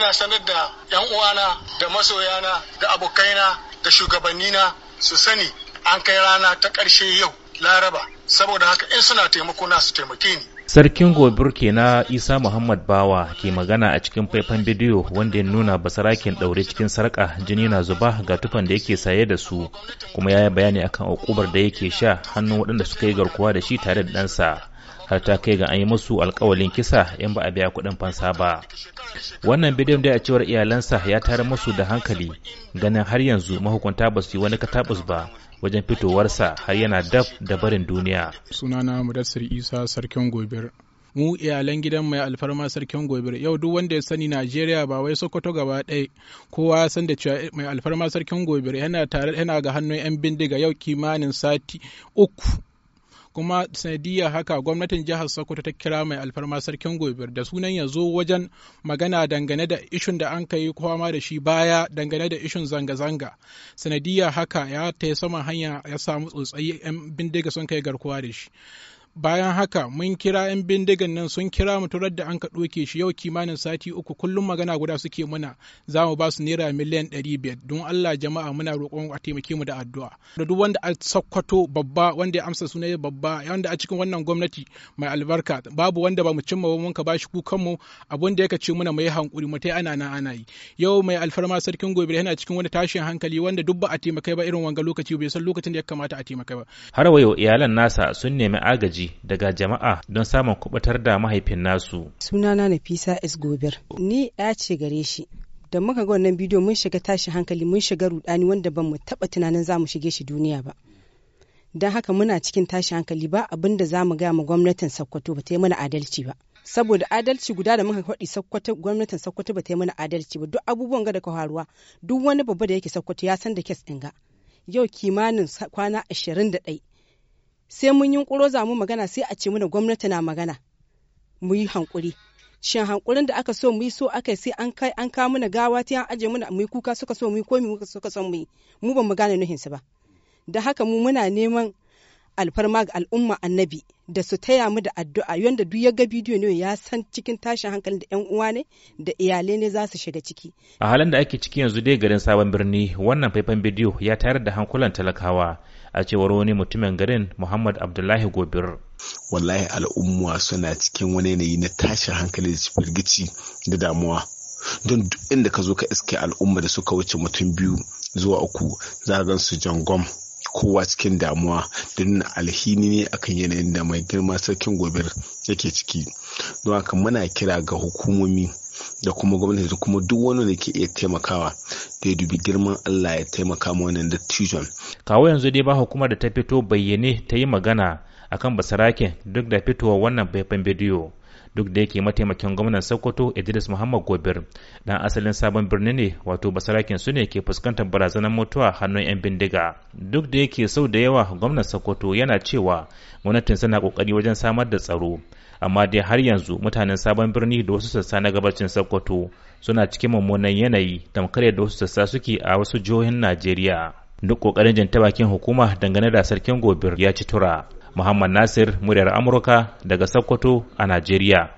ina sanar da 'yan uwana da masoyana da abokaina da shugabannina su sani an kai rana ta karshe yau laraba saboda haka in suna taimako na su taimake ni sarkin gobir na isa muhammad bawa ke magana a cikin faifan bidiyo wanda ya nuna basarakin daure cikin sarka jini na zuba ga tufan da yake saye da su kuma ya yi bayani akan ukubar da yake sha hannun waɗanda suka yi garkuwa da shi tare da ɗansa har ta kai ga an yi musu alkawalin kisa in ba a biya kuɗin fansa ba wannan bidiyon dai a cewar iyalansa ya tare musu da hankali ganin har yanzu mahukunta ba su yi wani katabus ba wajen fitowarsa har yana daf da barin duniya sunana mudassir isa sarkin gobir mu iyalan gidan mai alfarma sarkin gobir yau duk wanda ya sani najeriya ba wai sokoto gaba ɗaya kowa ya san da cewa mai alfarma sarkin gobir yana tare yana ga hannun yan bindiga yau kimanin sati uku kuma sanadiyar haka gwamnatin jihar sokoto ta kira mai alfarma sarkin gobe da sunan ya zo wajen magana dangane da ishun da an kai kwama da shi baya dangane da ishun zanga-zanga sanadiyar haka ya ta saman hanya ya samu tsotsayi 'yan bindiga sun kai garkuwa da shi bayan haka mun kira 'yan bindigan nan sun kira mu turar da an ka ɗoke shi yau kimanin sati uku kullum magana guda suke muna za mu ba su naira miliyan ɗari biyar don Allah jama'a muna roƙon a taimake mu da addu'a da duk wanda a sakkwato babba wanda ya amsa sunaye babba wanda a cikin wannan gwamnati mai albarka babu wanda ba mu cimma ba mun ka bashi kukan mu abun da ya ce muna mu yi hankuri mu tai ana nan ana yi yau mai alfarma sarkin gobe yana cikin wani tashin hankali wanda duk ba a taimakai ba irin wanga lokaci bai san lokacin da ya kamata a taimakai ba har wayo iyalan nasa sun nemi agaji gwaji daga jama'a don samun kubutar da mahaifin nasu. Sunana Nafisa S. Gobir. Ni ya ce gare shi. Da muka ga wannan bidiyo mun shiga tashi hankali mun shiga rudani wanda ban mu taba tunanin za mu shige shi duniya ba. Don haka muna cikin tashi hankali ba abin da za mu gaya ma gwamnatin Sokoto ba ta yi mana adalci ba. saboda adalci guda da muka faɗi sakkwato gwamnatin sakkwato ba ta yi mana adalci ba duk abubuwan ga da ka faruwa duk wani babba da yake sakkwato ya san da kes ɗin ga yau kimanin kwana ashirin da ɗai sai mun yunkuro za mu magana sai a ce mana gwamnati na magana mu yi hankuri shin hankurin da aka so mu yi so aka sai an kai an kawo mana gawa ta an aje mana mu yi kuka suka so mu yi komi suka so mu yi mu ba mu gane nuhinsu ba da haka mu muna neman alfarma ga al'umma annabi da su taya mu da addu'a yanda duk ya ga bidiyo ne ya san cikin tashin hankalin da yan uwa ne da iyalai ne za su shiga ciki a halin da ake ciki yanzu dai garin sabon birni wannan faifan bidiyo ya tayar da hankulan talakawa a cewar wani mutumin garin muhammad abdullahi gobir wallahi al'umma suna cikin wani yanayi na tashin hankali da firgici da damuwa don duk inda ka zo ka iske al'umma da suka wuce mutum biyu zuwa uku za gansu su jangom kowa cikin damuwa da nuna alhini ne akan yanayin da mai girma sarkin gobir yake ciki don haka muna kira ga hukumomi da kuma gwamnati da kuma duk wani da ke iya taimakawa da ya dubi girman Allah ya taimaka ma wannan dattijon. Kawo yanzu dai ba hukumar da ta fito bayyane ta yi magana akan basarake duk da fitowar wannan faifan bidiyo. duk da yake mataimakin gwamnan sokoto idris muhammad gobir dan asalin sabon birni ne wato basarakin su ne ke fuskantar barazanar mutuwa hannun yan bindiga duk da yake sau da yawa gwamnan sokoto yana cewa gwamnatin suna kokari wajen samar da tsaro amma dai har yanzu mutanen sabon birni da wasu sassa na gabacin sokoto suna cikin mummunan yanayi tamkar da wasu sassa suke a wasu jihohin najeriya duk kokarin jin bakin hukuma dangane da sarkin gobir ya ci tura muhammad nasir muryar amurka daga sokoto a najeriya